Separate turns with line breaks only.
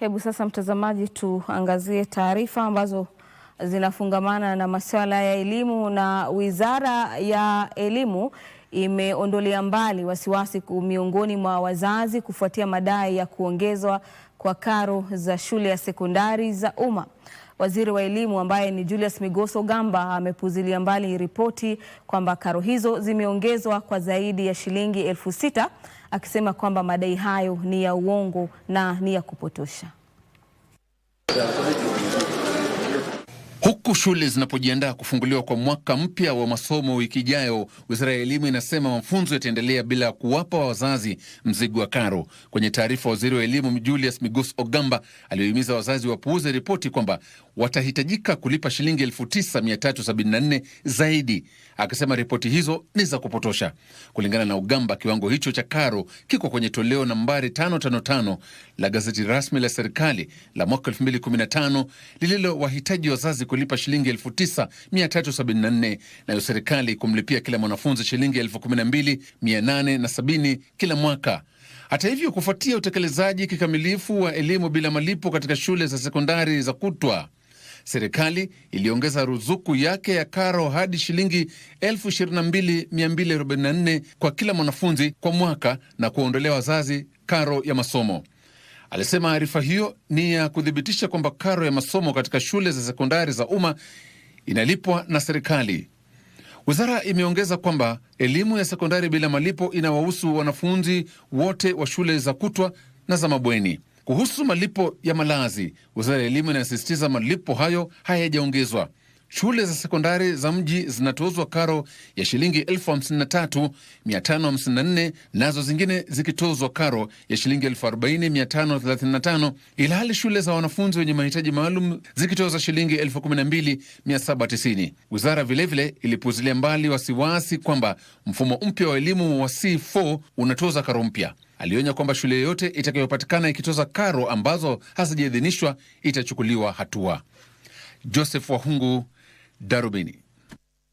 Hebu sasa mtazamaji, tuangazie taarifa ambazo zinafungamana na masuala ya elimu. Na Wizara ya Elimu imeondolea mbali wasiwasi miongoni mwa wazazi kufuatia madai ya kuongezwa kwa karo za shule ya sekondari za umma. Waziri wa elimu ambaye ni Julius Migoso Gamba amepuzilia mbali ripoti kwamba karo hizo zimeongezwa kwa zaidi ya shilingi elfu sita akisema kwamba madai hayo ni ya uongo na ni ya kupotosha.
Huku shule zinapojiandaa kufunguliwa kwa mwaka mpya wa masomo wiki ijayo, wizara ya elimu inasema mafunzo yataendelea bila ya kuwapa wa wazazi mzigo wa karo. Kwenye taarifa, waziri wa elimu Julius Migus Ogamba aliyohimiza wazazi wapuuze ripoti kwamba watahitajika kulipa shilingi 9374 zaidi, akisema ripoti hizo ni za kupotosha. Kulingana na Ogamba, kiwango hicho cha karo kiko kwenye toleo nambari 555 la gazeti rasmi la serikali la mwaka 2015 lililowahitaji wazazi kulipa shilingi 9374 nayo serikali kumlipia kila mwanafunzi shilingi 12870 kila mwaka. Hata hivyo, kufuatia utekelezaji kikamilifu wa elimu bila malipo katika shule za sekondari za kutwa serikali iliongeza ruzuku yake ya karo hadi shilingi 22244 kwa kila mwanafunzi kwa mwaka na kuondolea wazazi karo ya masomo. Alisema arifa hiyo ni ya kuthibitisha kwamba karo ya masomo katika shule za sekondari za umma inalipwa na serikali. Wizara imeongeza kwamba elimu ya sekondari bila malipo inawahusu wanafunzi wote wa shule za kutwa na za mabweni. Kuhusu malipo ya malazi, wizara ya elimu inasisitiza malipo hayo hayajaongezwa shule za sekondari za mji zinatozwa karo ya shilingi 53554 nazo zingine zikitozwa karo ya shilingi ila ilhali shule za wanafunzi wenye mahitaji maalum zikitoza shilingi 12790. Wizara vilevile ilipuzilia mbali wasiwasi kwamba mfumo mpya wa elimu wa C4 unatoza karo mpya. Alionya kwamba shule yoyote itakayopatikana ikitoza karo ambazo hazijaidhinishwa itachukuliwa hatua. Joseph Wahungu Darubini.